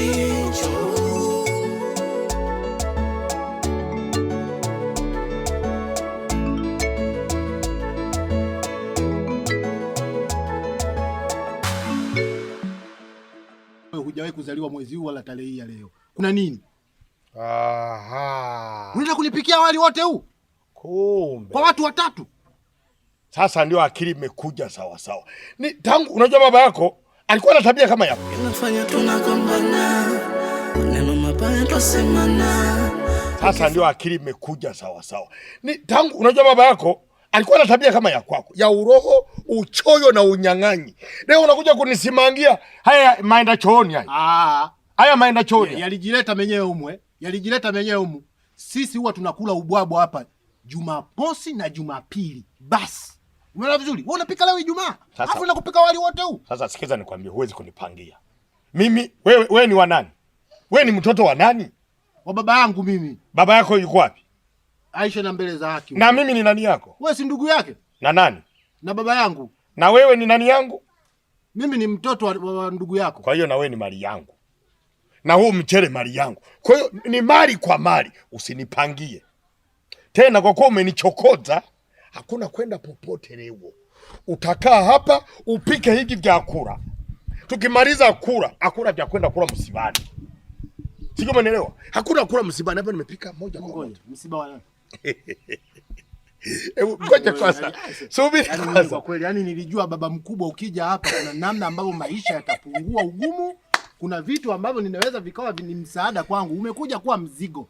jicho hujawahi kuzaliwa mwezi huu wala tarehe hii ya leo. Kuna nini? Aha. Unaenda kunipikia wali wote huu? Kumbe. Kwa watu watatu. Sasa ndio akili imekuja sawa sawa. Ni tangu unajua baba yako alikuwa na tabia kama yako. Sasa ndio akili imekuja sawa sawa. Ni tangu unajua baba yako alikuwa na tabia kama ya kwako ya uroho, uchoyo na unyang'anyi. Leo unakuja kunisimangia haya maenda chooni haya. Ah. haya maenda chooni. Yalijileta menyewe umwe, eh. yalijileta menyewe umu. Sisi huwa tunakula ubwabwa hapa Jumamosi na Jumapili. Basi Unaona vizuri? Wewe unapika leo Ijumaa. Sasa afu nakupika wali wote huu. Sasa sikiza nikwambie huwezi kunipangia. Mimi wewe wewe ni wa nani? Wewe ni mtoto wa nani? Wa baba yangu mimi. Baba yako yuko wapi? Aisha na mbele za haki. Na mimi ni nani yako? Wewe si ndugu yake? Na nani? Na baba yangu. Na wewe ni nani yangu? Mimi ni mtoto wa, wa ndugu yako. Kwa hiyo na wewe ni mali yangu. Na huu mchele mali yangu. Kwa hiyo ni mali kwa mali, usinipangie. Tena kwa kuwa umenichokoza hakuna kwenda popote leo. Utakaa hapa upike hiki kura tukimaliza kula hakuna vya kwenda kula msibani. Sio, umeelewa? Hakuna kula msibani hapa, nimepika moja kwa moja msiba wa nani? Ngoja kwanza, yaani, yaani, subiri yaani kwanza. Kweli yani, nilijua baba mkubwa, ukija hapa kuna namna ambavyo maisha yatapungua ugumu, kuna vitu ambavyo ninaweza vikawa ni msaada kwangu. Umekuja kuwa mzigo.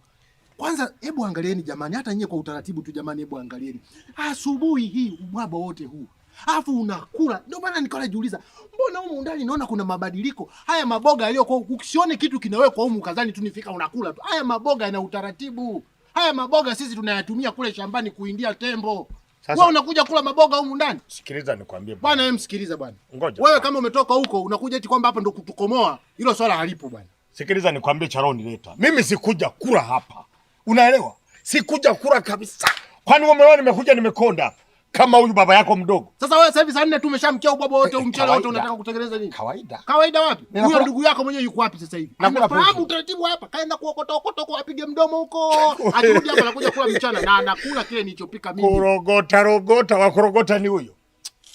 Kwanza hebu angalieni jamani, hata nyie kwa utaratibu tu jamani, hebu angalieni asubuhi hii ubwaba wote huu afu unakula. Ndio maana nikawa najiuliza, mbona humu ndani naona kuna mabadiliko. Haya maboga yaliyokuwa ukisione kitu kinawekwa humu kazani tu nifika unakula tu. Haya maboga yana utaratibu. Haya maboga sisi tunayatumia kule shambani kuindia tembo. Wewe unakuja kula maboga humu ndani? Sikiliza nikwambie bwana. Bwana wewe msikiliza bwana. Ngoja. Wewe kama umetoka huko unakuja eti kwamba hapa ndo kutukomoa. Hilo swala halipo bwana. Sikiliza nikwambie, Charoni leta. Mimi sikuja kula hapa. Unaelewa? Sikuja kura kabisa. Kwani wewe umeona nimekuja nimekonda kama huyu baba yako mdogo. Sasa wewe sasa hivi saa nne tu umeshamkia ubwabwa wote, umchele eh, wote unataka kutengeneza nini? Kawaida. Kawaida wapi? Huyo ndugu yako mwenyewe yuko wapi sasa hivi? Nafahamu utaratibu hapa. Kaenda kuokota okota kwa apige mdomo huko. Akirudi hapa anakuja kula mchana na anakula kile nilichopika mimi. Korogota rogota wa korogota ni huyo.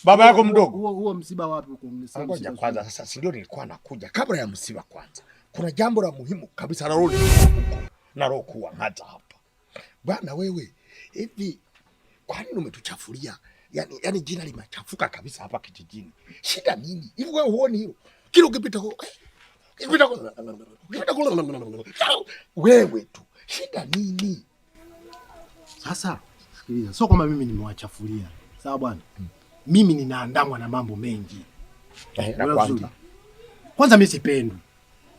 Baba yako mdogo. Huo huo msiba wapi huko mnisema? Ngoja kwanza sasa, si ndio nilikuwa nakuja kabla ya msiba kwanza. Kuna jambo la muhimu kabisa la rudi narokuwa roho hapa. Bwana wewe, hivi kwa nini umetuchafulia? Yaani, jina limechafuka kabisa hapa kijijini. Shida nini? Hivi wewe huoni hilo? Kila ukipita huko eh, huko huko wewe tu. Shida nini? Sasa sikiliza, sio kwamba mimi nimewachafulia. Sawa bwana. Hmm. Mimi ninaandamwa na mambo mengi. Eh, kwanza mimi sipendwi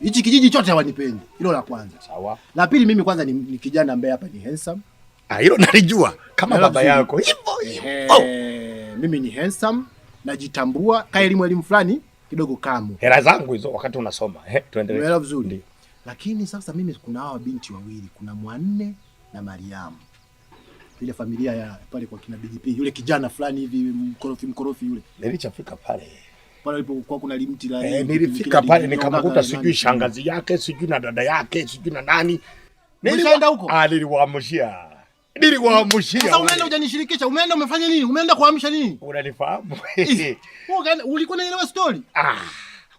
hichi kijiji chote hawanipendi. Hilo la kwanza. Sawa. La pili, mimi kwanza ni, ni kijana ambaye hapa ni handsome. Ah, hilo nalijua kama Nala baba mzuri yako hivyo. Oh. Mimi ni handsome, najitambua, ka elimu elimu fulani kidogo kamu. Hela zangu hizo wakati unasoma. Eh, tuendelee. Hela vizuri. Lakini sasa mimi kuna hawa binti wawili, kuna Mwanne na Mariamu. Ile familia ya pale kwa kina BGP, yule kijana fulani hivi mkorofi mkorofi yule. Nilichafika pale pale alipokuwa kuna limti la eh, nilifika pale nikamkuta sijui shangazi yake sijui na dada yake sijui na nani. Nilienda huko ah, niliwaamshia niliwaamshia. Sasa umeenda hujanishirikisha, umeenda umefanya nini? Umeenda kuamsha nini? Unanifahamu ulikuwa unaelewa story ah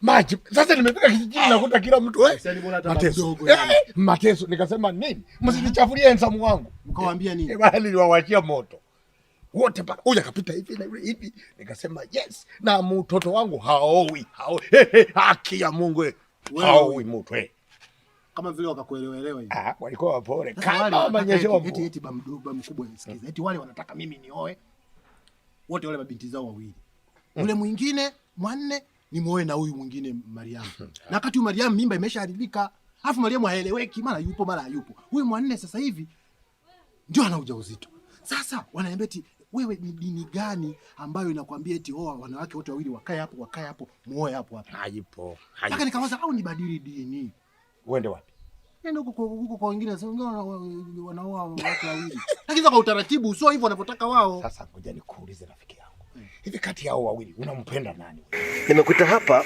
maji sasa, nimefika kijijini ah. nakuta kila mtu eh, mateso eh, mateso. Nikasema nini, msinichafulie ensamu wangu. Mkawaambia nini? Eh, niliwawachia moto wote mpaka huyu akapita hivi na yule hivi, nikasema yes, na mtoto wangu haowi, hao. haki ya Mungu haowi mtu kama vile wakakuelewelewa hivi. Ah, walikuwa wapole kama wamenyesha wapo. Eti eti bamdoba mkubwa nisikiza. Eti wale wanataka mimi nioe wote wale mabinti zao wawili. Hmm. Yule mwingine mwanne ni muoe na huyu mwingine Mariamu. Hmm. Na wakati Mariamu mimba imeshaharibika. Alafu Mariamu haeleweki mara yupo mara hayupo. Huyu mwanne sasa hivi ndio ana ujauzito. Sasa wanaambia eti wewe ni dini gani ambayo inakwambia eti oa oh, wanawake wote wawili wakae hapo wakae hapo muoe hapo hapo? Haipo. Haipo. Nikawaza au nibadili dini. Uende wapi? Nenda huko huko kwa wengine sasa wanaoa watu wawili. Lakini kwa utaratibu sio hivyo wanavyotaka wao. Sasa ngoja nikuulize rafiki yangu. Hivi kati yao wawili unampenda nani? Nimekuita hapa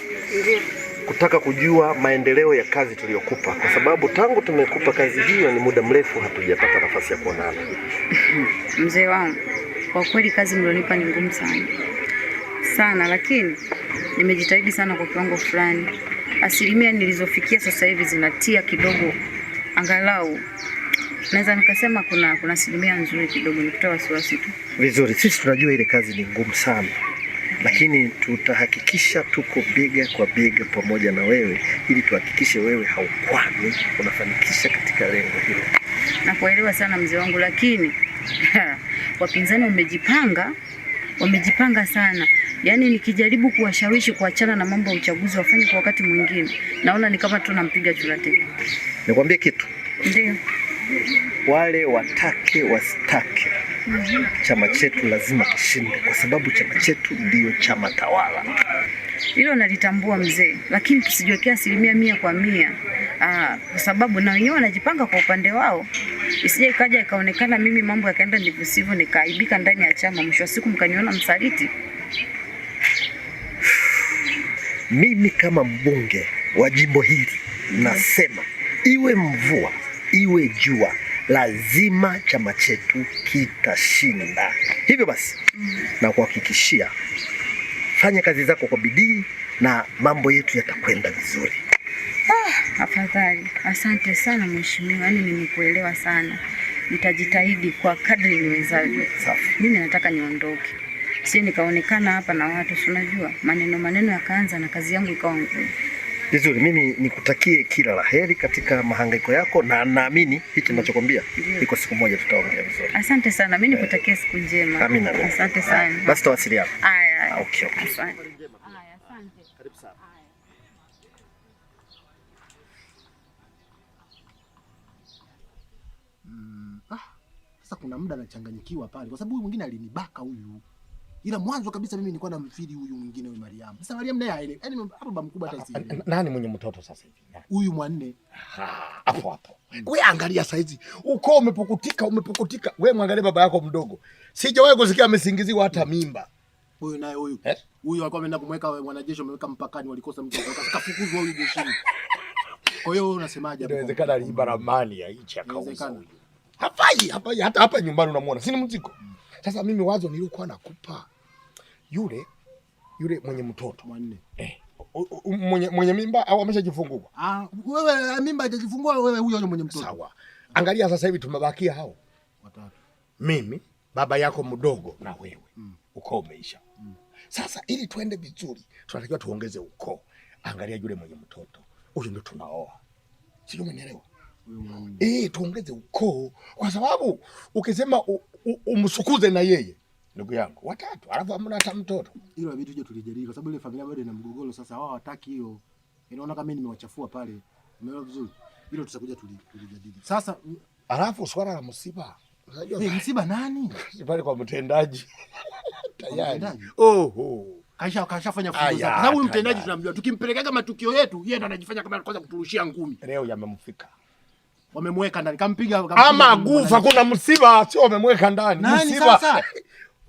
kutaka kujua maendeleo ya kazi tuliyokupa, kwa sababu tangu tumekupa kazi hiyo ni muda mrefu hatujapata nafasi ya kuonana. Mzee wangu kwa kweli kazi mlionipa ni ngumu sana sana, lakini nimejitahidi sana kwa kiwango fulani. Asilimia nilizofikia sasa hivi zinatia kidogo, angalau naweza nikasema kuna kuna asilimia nzuri kidogo, nikutoa wasiwasi tu. Vizuri, sisi tunajua ile kazi ni ngumu sana lakini tutahakikisha tuko bega kwa bega pamoja na wewe ili tuhakikishe wewe haukwami, unafanikisha katika lengo hilo. Nakuelewa sana mzee wangu, lakini wapinzani wamejipanga, wamejipanga sana. Yaani nikijaribu kuwashawishi kuachana na mambo ya uchaguzi wafanye kwa wakati mwingine, naona ni kama tu nampiga chura Nikwambie kitu, ndio wale watake wasitake, mm -hmm. Chama chetu lazima kishinde, kwa sababu chama chetu ndiyo chama tawala. Hilo nalitambua mzee, lakini tusijiwekea asilimia mia kwa mia, aa, ah, kwa sababu na wenyewe wanajipanga kwa upande wao isije ikaja ikaonekana mimi mambo yakaenda ndivyo sivyo, nikaaibika ndani ya chama, mwisho wa siku mkaniona msaliti. Mimi kama mbunge wa jimbo hili nasema iwe mvua iwe jua, lazima chama chetu kitashinda. Hivyo basi mm. na kuhakikishia, fanya kazi zako kwa bidii na mambo yetu yatakwenda vizuri. Ah, afadhali. Asante sana mheshimiwa, yaani nimekuelewa sana. Nitajitahidi kwa kadri niwezavyo. Mimi nataka niondoke, si nikaonekana hapa na watu, si unajua maneno maneno yakaanza na kazi yangu ikawa ngumu. Vizuri, mimi nikutakie kila la heri katika mahangaiko yako, na naamini hichi ninachokwambia iko siku moja tutaongea vizuri. Asante sana, mimi eh. nikutakie siku njema. Amina. Asante sana. Basi tawasiliana. Haya. Ah, okay, okay. asante. Karibu sana. Sasa kuna muda anachanganyikiwa pale, kwa sababu huyu mwingine alinibaka huyu, ila mwanzo kabisa mimi nilikuwa namfili huyu mwingine, huyu Mariamu. Sasa Mariamu naye haelewi, yani yaani hapo baba mkubwa hata ah, ah, si nani mwenye mtoto sasa hivi huyu mwanne hapo hapo. Wewe angalia saizi uko umepukutika, umepukutika. Wewe mwangalie baba yako mdogo, sijawahi kusikia amesingiziwa hata mimba huyu naye huyu eh? huyu alikuwa ameenda kumweka mwanajeshi, ameweka mpakani, walikosa mtu akafukuzwa huyu jeshini. Kwa hiyo unasemaje hapo? Inawezekana aliiba ramani ya hichi akauza huyu Hafai, hafai hata hapa nyumbani unamwona. sini mziko? Sasa mimi wazo nilikuwa nakupa yule yule mwenye mtoto wanne. Eh. Mwenye, mwenye mimba au ameshajifungua? Ah, wewe eh, mimba hajajifungua wewe huyo mwenye mtoto. Sawa. Angalia sasa hivi tumebakia hao watatu. Mimi, baba yako mdogo na wewe. Mm. Ukoo umeisha. Mm. Sasa ili tuende vizuri, tunatakiwa tuongeze ukoo. Angalia yule mwenye mtoto. Huyo ndio tunaoa. Sio, umenielewa? Eh, tuongeze ukoo kwa sababu ukisema umsukuze na yeye ndugu yangu watatu, alafu amna hata mtoto, hilo vitu je, tulijadili, kwa sababu ile familia bado ina mgogoro. Sasa wao hawataki hiyo, inaona kama mimi nimewachafua pale. Umeona vizuri? Hilo tutakuja tulijadili sasa. Alafu swala la msiba, unajua hey, eh, msiba nani pale kwa mtendaji tayari. Oho, oh. Kaisha kashafanya fungu sababu mtendaji tunamjua, tukimpeleka kama tukio yetu, yeye ndo anajifanya kama anakosa kuturushia ngumi. Leo yamemfika wamemweka ndani, kampiga ama gufa. Kuna msiba, sio wamemweka ndani, msiba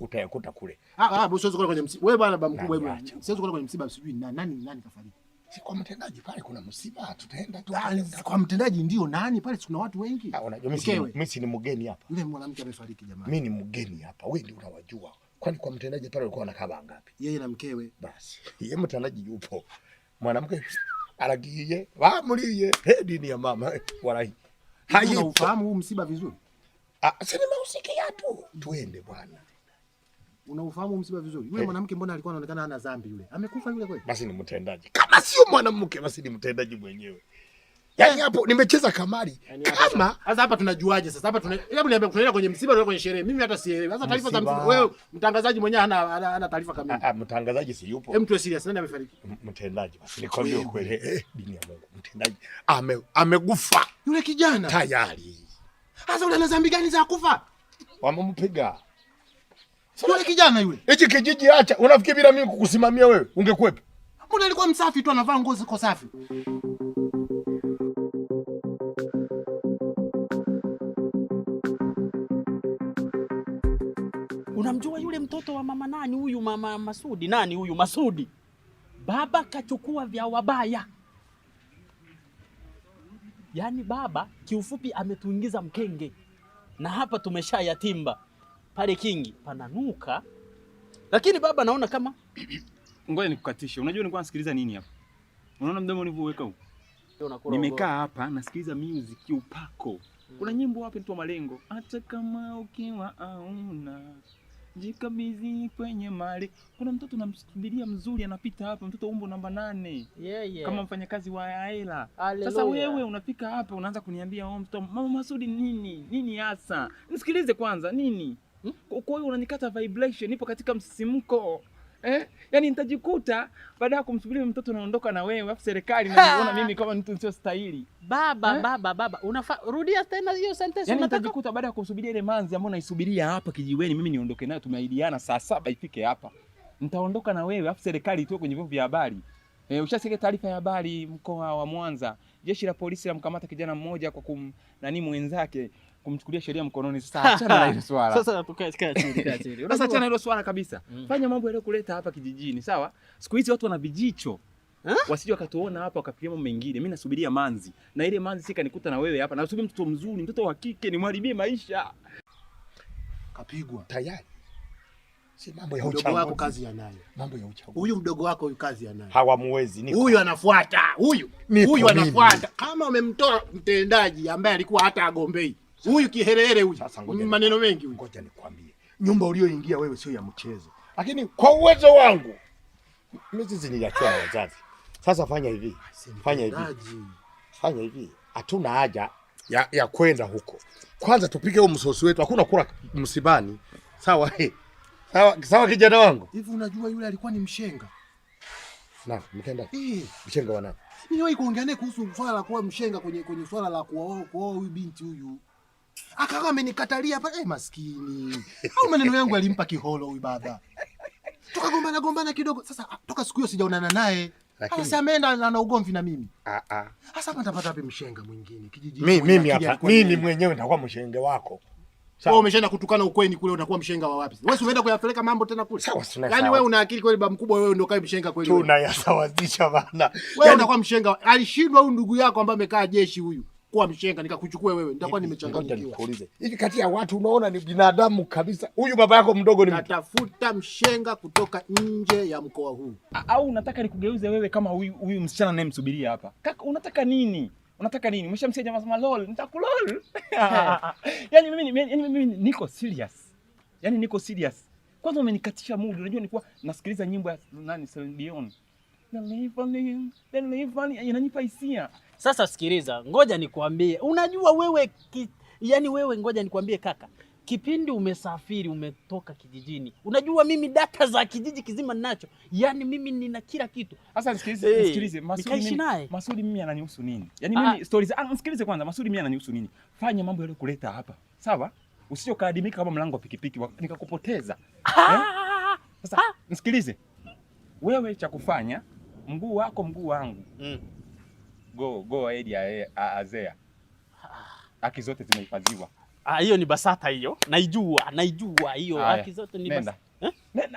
utayakuta kule. Ah, ah, siwezi kwenda kwenye msiba wewe bwana, baba mkubwa wewe, siwezi kwenda kwenye msiba. Sijui nani nani nani kafariki, si kwa mtendaji pale. Kuna msiba, tutaenda tu ah, kwa mtendaji. Ndio nani pale, kuna watu wengi. Ah, Unajua mimi si ni mgeni hapa, yule mwanamke amefariki jamani, mimi ni mgeni hapa, wewe ndio unawajua. Kwani kwa mtendaji pale walikuwa wanakaa ngapi? Yeye na mkewe. Basi yeye mtendaji yupo, mwanamke anakiye, hedi ni ya mama walahi Unaufahamu huu msiba vizuri? Ah, sina nimeusikia tu, twende bwana. Unaufahamu msiba vizuri? Yule eh. mwanamke mbona alikuwa anaonekana hana dhambi yule? Amekufa yule kweli? Basi ni mtendaji. Kama sio mwanamke basi ni mtendaji mwenyewe. Yaani eh. hapo yeah. nimecheza kamari. Yani Kama sasa hapa tunajuaje sasa? Hapa tuna hebu niambie kuna kwenye msiba au kwenye sherehe. Mimi hata sielewi. Sasa taarifa za msiba wewe mtangazaji mwenyewe hana hana taarifa kamili. Ah, ah, mtangazaji si yupo. Hem, mtu serious nani amefariki? Mtendaji basi nikwambie ukweli. Eh, dini ya Mungu. Mtendaji ame amegufa. Yule kijana. Tayari. Sasa una dhambi gani za kufa? Wamempiga. Yule kijana yule. Hichi kijiji acha. Unafikiri bila mimi kukusimamia wewe ungekuwepo? Mbona alikuwa msafi tu anavaa nguo ziko safi. nani huyu mama Masudi? Nani huyu Masudi? Baba kachukua vya wabaya, yaani baba kiufupi ametuingiza mkenge, na hapa tumesha yatimba pale kingi pananuka. Lakini baba naona kama ngoja nikukatishe. Unajua nilikuwa nasikiliza nini hapa? Unaona mdomo nilivyoweka huko, nimekaa hapa nasikiliza music upako. Kuna nyimbo wapi mtu wa malengo, hata kama ukiwa auna Jikabidhi kwenye mali. Kuna mtoto namsubiria mzuri anapita hapa, mtoto umbo namba nane. Yeah, yeah. Kama mfanyakazi wa hela. Sasa wewe unafika hapa unaanza kuniambia oh, mtoto Mama Masudi nini? Nini hasa? Nisikilize kwanza, nini? Hmm? Kwa hiyo unanikata vibration, nipo katika msisimko eh? Yaani nitajikuta baada ya kumsubiri mtoto naondoka na wewe, afu serikali inaniona mimi kama mtu sio stahili. Baba, eh? Baba, baba, unafa rudia tena hiyo sentence yani, unataka nitajikuta baada ya kumsubiri ile manzi ambayo naisubiria hapa kijiweni mimi niondoke nayo, tumeahidiana saa saba ifike hapa. Nitaondoka na wewe afu serikali itoe kwenye vyombo vya habari. E, ushasikia taarifa ya habari mkoa wa Mwanza, jeshi la polisi la mkamata kijana mmoja kwa kum nani mwenzake kumchukulia sheria mkononi. Sasa achana na hilo swala. Sasa tukae kaa chini, kaa chini. Sasa achana hilo swala kabisa. Mm. Fanya mambo yaliyokuleta hapa kijijini, sawa? Siku hizi watu wana vijicho. Huh? Wasije wakatuona hapa wakapiga mambo mengine. Mimi nasubiria manzi. Na ile manzi sika nikuta na wewe hapa. Nasubiri mtoto mzuri, mtoto wa kike nimharibie maisha. Kapigwa tayari. Si mambo ya uchawi. Mdogo wako kazi yanayo. Mambo ya uchawi. Huyu mdogo wako huyu kazi yanayo. Hawamwezi niko. Huyu anafuata. Huyu. Huyu anafuata. Kama umemtoa mtendaji ambaye alikuwa hata agombei. Huyu kiherehere huyu. Sasa ngoja, mm, Maneno mengi huyu. Ngoja nikwambie. Nyumba uliyoingia wewe sio ya mchezo. Lakini kwa uwezo wangu mimi ziliachwa na wazazi. Sasa fanya hivi. Fanya hivi. Fanya hivi. Hatuna haja ya, ya kwenda huko. Kwanza tupike huo msosi wetu. Hakuna kula msibani. Sawa he. Eh. Sawa, sawa kijana wangu. Hivi unajua yule alikuwa ni mshenga. Na, mtenda. Eh. Mshenga wa nani? Niliwahi kuongea naye kuhusu swala la kuwa mshenga kwenye kwenye swala la kuoa kuoa huyu binti huyu. Akawa amenikatalia hapa. Eh, maskini. Au maneno yangu alimpa kiholo huyu baba. Tukagombana gombana kidogo. Sasa ah, toka siku hiyo sijaonana naye. Sasa ameenda ana ugomvi na mimi. Ah ah. Sasa hapa wapi mshenga mwingine kijijini? Mimi mimi hapa. Mimi mwenyewe nitakuwa mshenge wako. Sawa. Wewe umeshaenda kutukana ukweni kule unakuwa mshenga wa wapi? Wewe unaenda kuyapeleka mambo tena kule. Sawa, yaani sawa. Yaani wewe una akili kweli baba mkubwa wewe ndio kae mshenga kweli. Tunayasawazisha bana. Wewe yaani unakuwa mshenga. Alishindwa huyu ndugu yako ambaye amekaa jeshi huyu kuwa mshenga nikakuchukua wewe, nitakuwa nimechanganyikiwa. Hivi kati ya watu unaona ni binadamu kabisa huyu? Baba yako mdogo ni natafuta mshenga kutoka nje ya mkoa huu, au unataka nikugeuze wewe kama huyu huyu msichana anayemsubiria hapa? Kaka, unataka nini? Unataka nini? Umeshamsia jamaa sema lol, nitakulol. Yaani mimi yaani mimi niko serious. Yaani niko serious. Kwanza umenikatisha mood. Unajua nilikuwa nasikiliza nyimbo ya nani Celine Dion inanipa hisia. Sasa sikiliza, ngoja nikuambie. Unajua wewe ki, yani wewe, ngoja nikuambie kaka, kipindi umesafiri umetoka kijijini, unajua mimi data za kijiji kizima ninacho, yani mimi nina kila kitu. Sasa sikilize, sikilize Masudi, mimi Masudi mimi ananihusu nini? Yani ah. mimi stories, ah, sikilize kwanza, Masudi mimi ananihusu nini? Fanya mambo yale kuleta hapa, sawa? Usijokaadimika kama mlango wa pikipiki nikakupoteza. Ah, eh? Sasa ah, nisikilize wewe, cha kufanya mguu wako mguu wangu mm. go go ya eh, azea haki zote zimehifadhiwa. Ah, hiyo ni BASATA hiyo, naijua naijua hiyo haki zote ni nenda. Eh?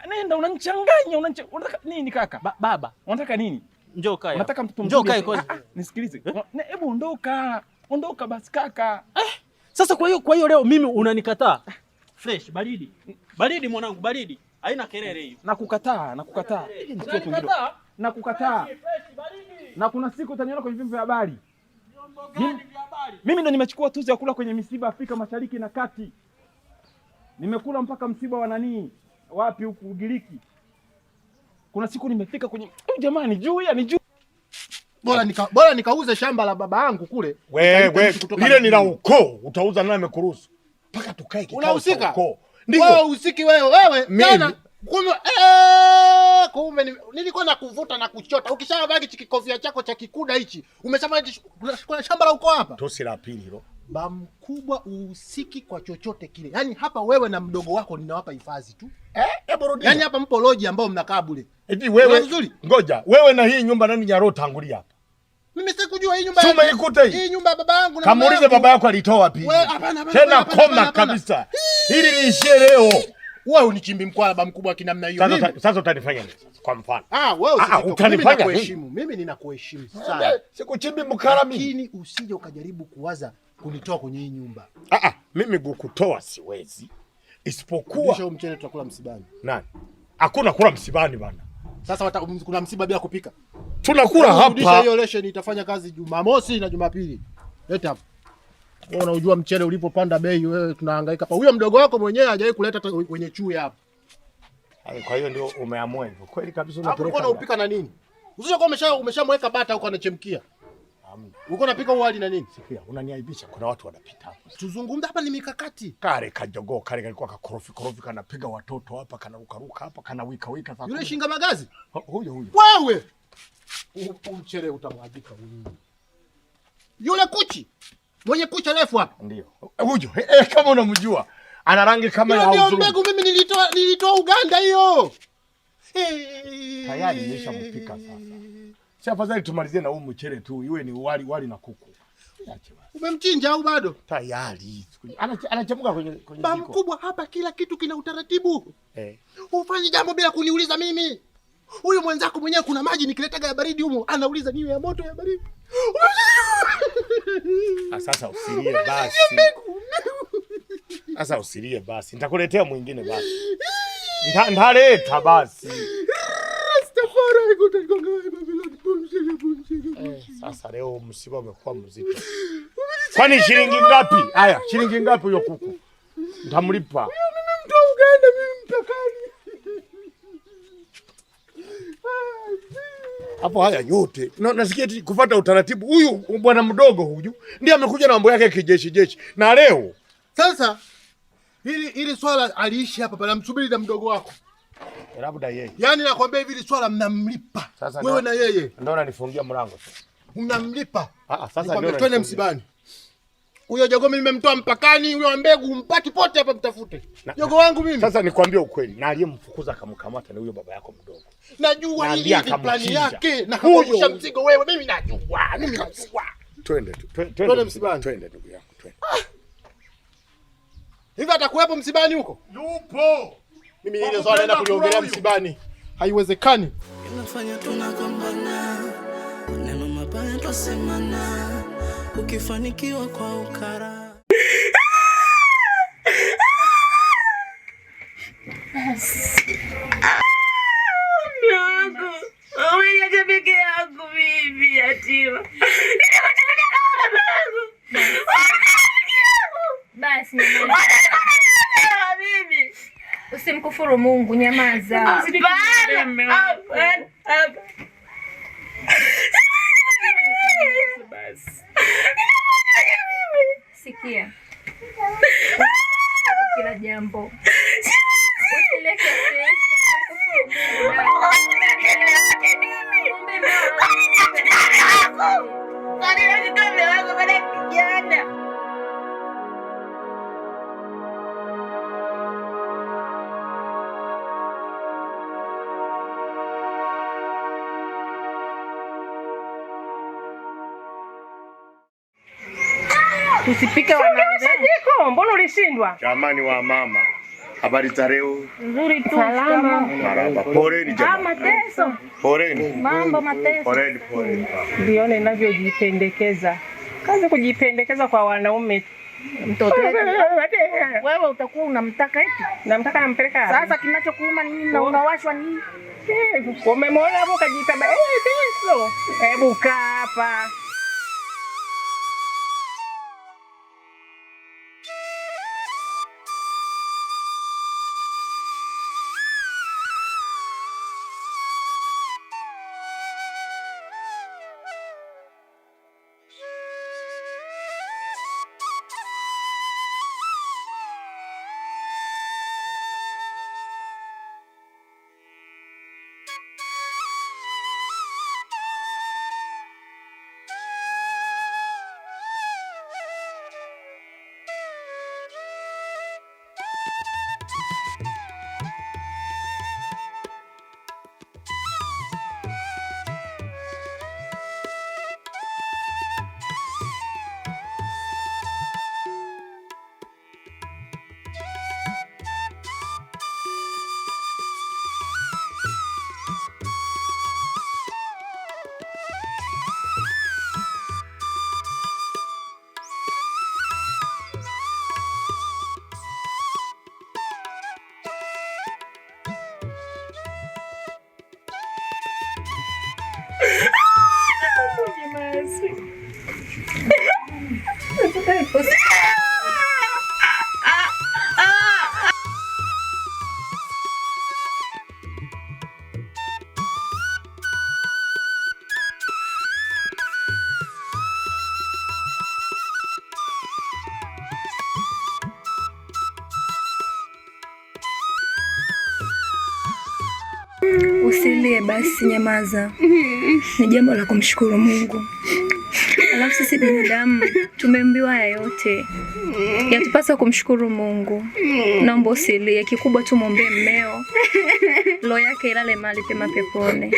Nenda, unanichanganya, unanchang... unataka nini kaka? Ba baba, unataka nini? Njoo kae. Unataka mtoto Njoo kae kwanza. Ah, ah, nisikilize. eh? Hebu Ondoka. Ondoka basi kaka. Eh? Sasa kwa hiyo kwa hiyo leo mimi unanikataa. Fresh, baridi. Mm. Baridi mwanangu, baridi. Haina kelele hiyo. Nakukataa, nakukataa. nakukataa na kukataa, na kuna siku utaniona kwenye vyombo vya habari. Mimi ndo nimechukua tuzo ya kula kwenye misiba Afrika Mashariki na Kati, nimekula mpaka msiba wa nanii wapi huku Ugiriki. Kuna siku nimefika kwenye jamani, juu ya ni juu bora nika, bora nikauze shamba la baba yangu kule. Wewe lile ni la ukoo, utauza nani amekuruhusu? Paka tukae kikao. Unahusika? Wewe usiki wewe wewe. Mimi Kumbe ee, eh, kumbe ni, nilikuwa nakuvuta na kuchota. Ukishavaa hichi kikovia chako cha kikuda hichi, umesema kuna shamba la uko hapa. Tosi la pili hilo. Ba mkubwa uhusiki kwa chochote kile. Yaani hapa wewe na mdogo wako ninawapa hifadhi tu. Eh, ebo rudi. Yaani hapa mpo loji ambao mnakaa bure. Hivi wewe nzuri? Ngoja. Wewe na hii nyumba nani nyaro tangulia hapa? Mimi sikujua hii nyumba. Sume ikute hii. Hii nyumba baba yangu na mama. Kamuulize baba yako alitoa wapi? Wewe hapana, hapana. Tena koma kabisa. Hili ni liishie leo. Wewe unichimbi mkwalaba mkubwa kinamna hiyo. Sasa sasa utanifanya nini? Kwa mfano. Ah, wewe ah, ah, utanifanya kuheshimu. Mimi ninakuheshimu sana. Eh, sikuchimbi mkarami. Lakini usije ukajaribu kuwaza kunitoa kwenye hii nyumba. Ah ah, mimi kukutoa siwezi. Isipokuwa kisha mchele tutakula msibani. Nani? Hakuna kula msibani bana. Sasa wata, um, kuna msiba bila kupika. Tunakula hapa. Hiyo lesheni itafanya kazi Jumamosi na Jumapili. Leta hapa. Wewe unajua mchele ulipopanda bei, wewe tunahangaika hapa. Huyo mdogo wako mwenyewe hajawahi kuleta hata wenye chui hapa. Kwa hiyo ndio umeamua hivyo. Kweli kabisa unapeleka. Hapo unapika na nini? Usije kwa umesha umeshamweka bata huko anachemkia. Amna. Uko unapika uwali na nini? Sikia, unaniaibisha. Kuna watu wanapita hapo. Tuzungumza hapa ni mikakati. Kare kajogo, kare kalikuwa kakorofi korofi kanapiga watoto hapa, kanaruka ruka hapa, kanawika wika sasa. Yule shinga magazi? Huyo huyo. Wewe. Umchele utamwagika huyu. Yule kuchi mwenye kucha refu hapa. Ndio. Huyo eh, kama unamjua ana rangi kama ya uzungu. Ndio mbegu mimi nilitoa nilitoa Uganda hiyo. Tayari mpika sasa. Si afadhali tumalizie na huu mchele tu, iwe ni wali wali na kuku. Umemchinja au bado? Tayari. Anachemuka kwenye kwenye jiko. Mkubwa hapa kila kitu kina utaratibu. Eh. Ufanye jambo bila kuniuliza mimi. Huyu mwenzako mwenyewe kuna maji nikiletaga ya baridi humo anauliza niwe ya moto ya baridi. Ah, sasa usilie basi. Sasa usilie basi. Nitakuletea mwingine basi. Nda, ndaleta basi. Eh, sasa leo msiba umekuwa mzito. Kwani shilingi ngapi? Aya, shilingi ngapi huyo kuku? Ntamlipa Mimi mtu Uganda mimi hapo. Haya yote nasikia na kufuata utaratibu. Huyu bwana mdogo huyu ndiye amekuja na mambo yake kijeshi jeshi, na leo sasa hili hili swala aliishi hapa pala, msubiri na mdogo wako eh, labda yeye, yaani nakwambia hivi, hili swala mnamlipa wewe na yeye, ndio unanifungia mlango sasa, mnamlipa ah, ah sasa, ndio twende msibani. Huyo jogo mimi nimemtoa mpakani, huyo mbegu mpati pote hapa, mtafute jogo wangu mimi. Sasa nikwambie ukweli, na aliyemfukuza akamkamata ni huyo baba yako mdogo najua hili ni plani yake na huyo mzigo wewe, mimi najua, mimi najua. Twende tu, twende msibani, twende ndugu yangu, twende. Ah. Hivi atakuwepo msibani huko? Yupo. Mimi ile swala naenda kuliongelea msibani, haiwezekani. Inafanya tunagombana, neno mabaya twasemana, ukifanikiwa kwa ukara Yes. Ah! Mungu, nyamaza. Usipike jiko, mbona ulishindwa? Jamani wa mama, habari za leo? Nzuri tu. Salama. Marahaba. Poleni ah, jamani. Mateso. Poleni. Mambo mateso. Poleni, poleni. Ndione inavyojipendekeza. Kazi kujipendekeza kwa wanaume mtoto wewe utakuwa unamtaka eti? Namtaka nampeleka wapi? Sasa kinachokuuma ni nini na unawashwa nini? Eh, Umemwona hapo kajitabaya. Eh, Hebu kaa hapa. usinyamaza, ni jambo la kumshukuru Mungu. Alafu sisi binadamu tumeambiwa haya yote, yatupasa kumshukuru Mungu. Naomba usilie, kikubwa tu mmeo, roho yake ilale mahali pema peponi.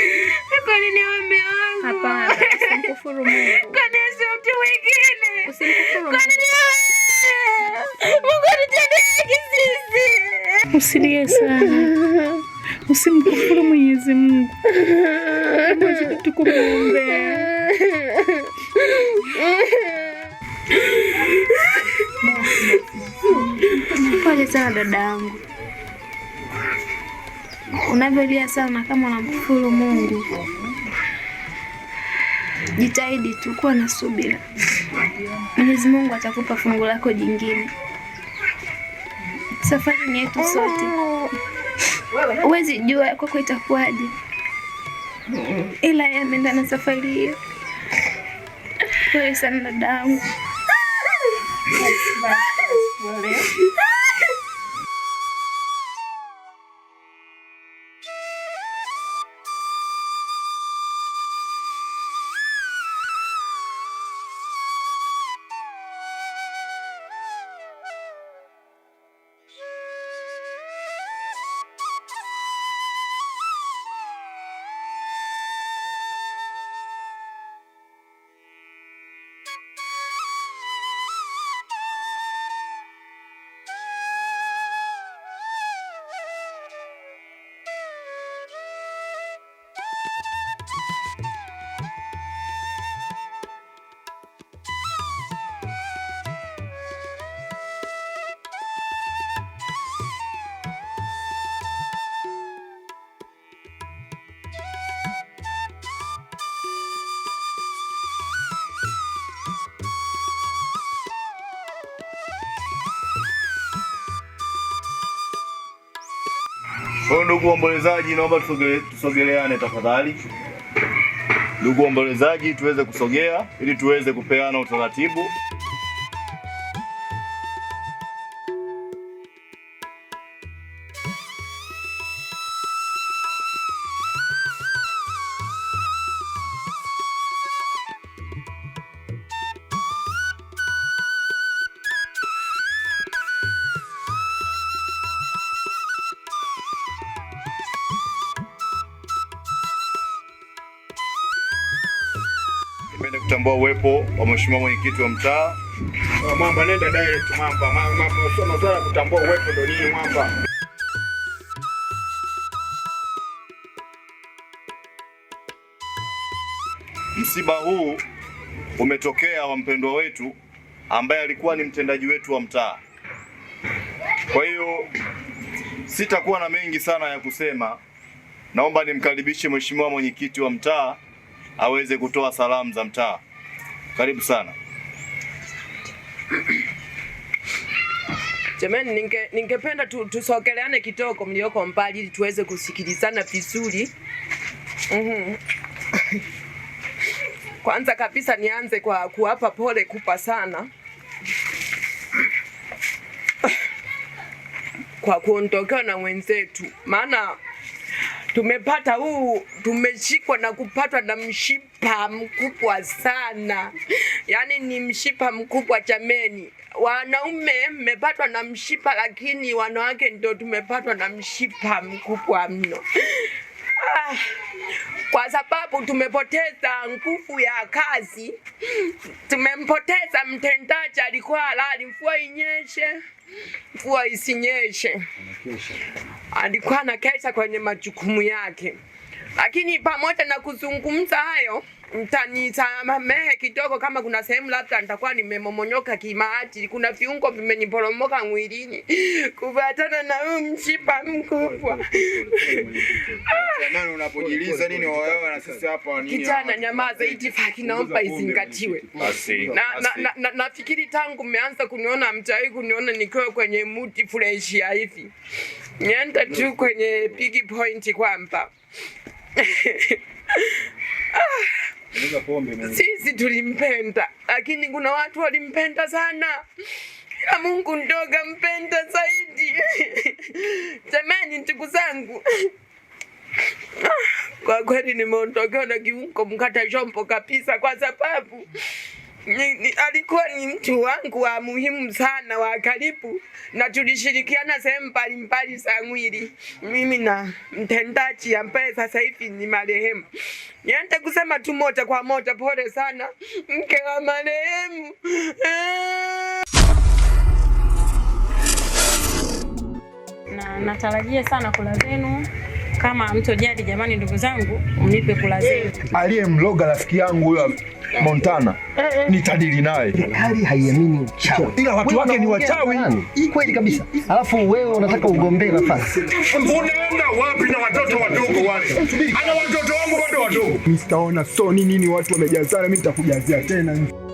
Kwa nini mume wangu? Hapana, usimkufuru Mungu. Kwa nini sio mtu mwingine? Usimkufuru Mungu. Kwa nini Mungu anitendea hiki sisi? Usilie sana. Usimkufuru Mwenyezi Mungu, mwezi tukumwombea. Pole sana dada yangu, unavyolia sana kama unamkufuru Mungu. Jitahidi tu kuwa na subira, Mwenyezi Mungu atakupa fungu lako jingine. Safari ni yetu sote. Huwezi jua kwako itakuwaje, ila yeye ameenda na safari hiyo. Pole sana dadangu. Kwa ndugu waombolezaji, naomba tusogeleane tafadhali. Ndugu waombolezaji, tuweze kusogea ili tuweze kupeana utaratibu. Nipende kutambua uwepo wa mheshimiwa mwenyekiti wa mtaa oh, Mwamba. Nenda direct Mwamba, masuala ya kutambua uwepo ndio nini Mwamba. Msiba huu umetokea wa mpendwa wetu ambaye alikuwa ni mtendaji wetu wa mtaa. Kwa hiyo sitakuwa na mengi sana ya kusema, naomba nimkaribishe mheshimiwa mwenyekiti wa mtaa aweze kutoa salamu za mtaa. Karibu sana. Jamani, ninge ningependa tu, tusogeleane kitoko mlioko mbali ili tuweze kusikilizana vizuri. mm-hmm. Kwanza kabisa nianze kwa kuwapa pole kupa sana kwa kuondokewa na wenzetu, maana tumepata huu, tumeshikwa na kupatwa na mshipa mkubwa sana, yaani ni mshipa mkubwa jameni. Wanaume mmepatwa na mshipa, lakini wanawake ndio tumepatwa na mshipa mkubwa mno. Ah, kwa sababu tumepoteza nguvu ya kazi, tumempoteza mtendaji, alikuwa halali, mvua inyeshe mvua isinyeshe. Alikuwa anakesha kwenye majukumu yake, lakini pamoja na kuzungumza hayo, mtanisamehe kidogo kama kuna sehemu labda nitakuwa nimemomonyoka kimaati kuna viungo vimeniporomoka mwilini kufuatana na huyu mshipa mkubwa unapojiuliza nini wao na sisi hapa nini? Kijana nyamaza, itifaki naomba izingatiwe. Na na nafikiri tangu mmeanza kuniona mtawahi kuniona nikiwa kwenye mood fresh ya hivi. Nienda tu kwenye big point kwamba sisi tulimpenda, lakini kuna watu walimpenda sana, na Mungu ndoga mpenda zaidi. Jamani, ndugu zangu kwa kweli nimeondokewa na kiungo mkata jompo kabisa, kwa sababu ni, ni, alikuwa ni mtu wangu wa muhimu sana wa karibu, na tulishirikiana sehemu mbalimbali za mwili, mimi na mtendaji ambaye sasa hivi ni marehemu. Niende kusema tu moja kwa moja, pole sana mke wa marehemu. Na natarajia sana kula zenu kama mto jadi jamani, ndugu zangu, mnipe kula zenu. Aliyemloga rafiki yangu huyo Montana eh, eh. nitadili naye. Serikali haiamini uchawi, ila watu wake ni wachawi. Hii kweli kabisa. Alafu wewe unataka ugombee nafasi, unaenda wapi na watoto wadogo wale? Eh, Ana watoto wangu bado wadogo, msitaona soni nini, watu wamejazana, mimi nitakujazia tena.